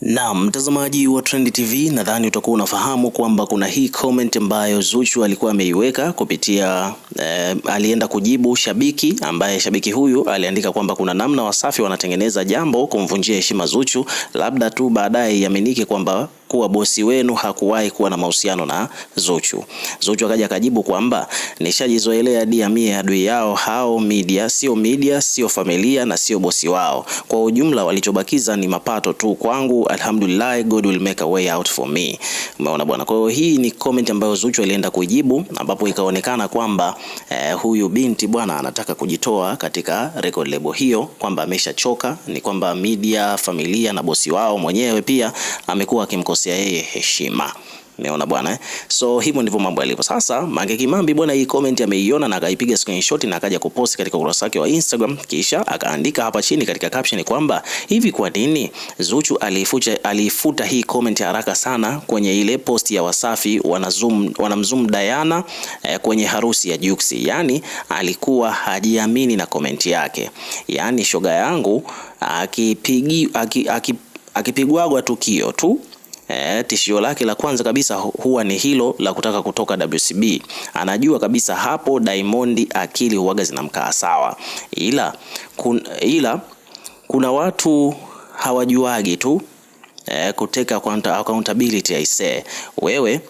Na mtazamaji wa Trend TV, nadhani utakuwa unafahamu kwamba kuna hii comment ambayo Zuchu alikuwa ameiweka kupitia eh, alienda kujibu shabiki ambaye shabiki huyu aliandika kwamba kuna namna Wasafi wanatengeneza jambo kumvunjia heshima Zuchu, labda tu baadaye iaminike kwamba kuwa bosi wenu hakuwahi kuwa na mahusiano na Zuchu. Zuchu akaja akajibu kwamba nishajizoelea hadi mie adui yao hao media, sio media, sio familia na sio bosi wao. Kwa ujumla walichobakiza ni mapato tu kwangu, alhamdulillah, God will make a way out for me. Umeona bwana. Kwa hiyo hii ni comment ambayo Zuchu alienda kujibu, ambapo ikaonekana kwamba eh, huyu binti bwana anataka kujitoa katika record label hiyo, kwamba ameshachoka, ni kwamba media, familia na bosi wao mwenyewe pia amekuwa akimkosa kumkosea yeye heshima. Umeona bwana eh? So hivyo ndivyo mambo yalivyo. Sasa Mange Kimambi bwana, hii comment ameiona na akaipiga screenshot na akaja kuposti katika ukurasa wake wa Instagram, kisha akaandika hapa chini katika caption kwamba hivi, kwa nini Zuchu alifuta, alifuta hii comment haraka sana kwenye ile post ya Wasafi wanazoom wanamzoom Diana eh, kwenye harusi ya Jux. Yani alikuwa hajiamini na comment yake, yani shoga yangu akipigwagwa aki, aki, aki tukio tu eh, tishio lake la kwanza kabisa huwa ni hilo la kutaka kutoka WCB. Anajua kabisa hapo Diamond akili huwaga zinamkaa sawa, ila, kun, ila kuna watu hawajuagi tu eh, kuteka accountability aisee. Wewe,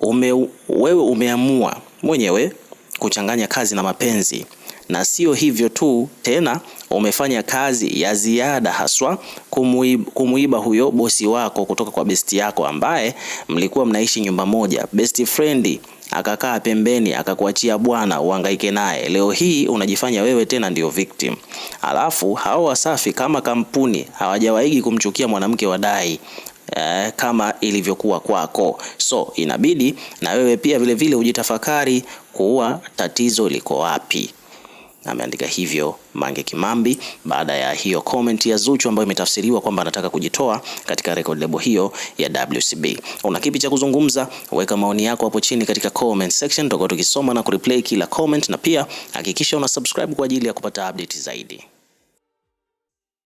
ume, wewe umeamua mwenyewe kuchanganya kazi na mapenzi na sio hivyo tu tena, umefanya kazi ya ziada haswa kumuiba, kumuiba huyo bosi wako kutoka kwa besti yako ambaye mlikuwa mnaishi nyumba moja, best friend akakaa pembeni akakuachia bwana uhangaike naye. Leo hii unajifanya wewe tena ndio victim. Alafu hao Wasafi kama kampuni hawajawaigi kumchukia mwanamke wadai eh, kama ilivyokuwa kwako, so inabidi na wewe pia vilevile vile ujitafakari kuwa tatizo liko wapi ameandika hivyo Mange Kimambi baada ya hiyo comment ya Zuchu ambayo imetafsiriwa kwamba anataka kujitoa katika record label hiyo ya WCB. Una kipi cha kuzungumza? Weka maoni yako hapo chini katika comment section, tutakuwa tukisoma na kureplay kila comment, na pia hakikisha una subscribe kwa ajili ya kupata update zaidi.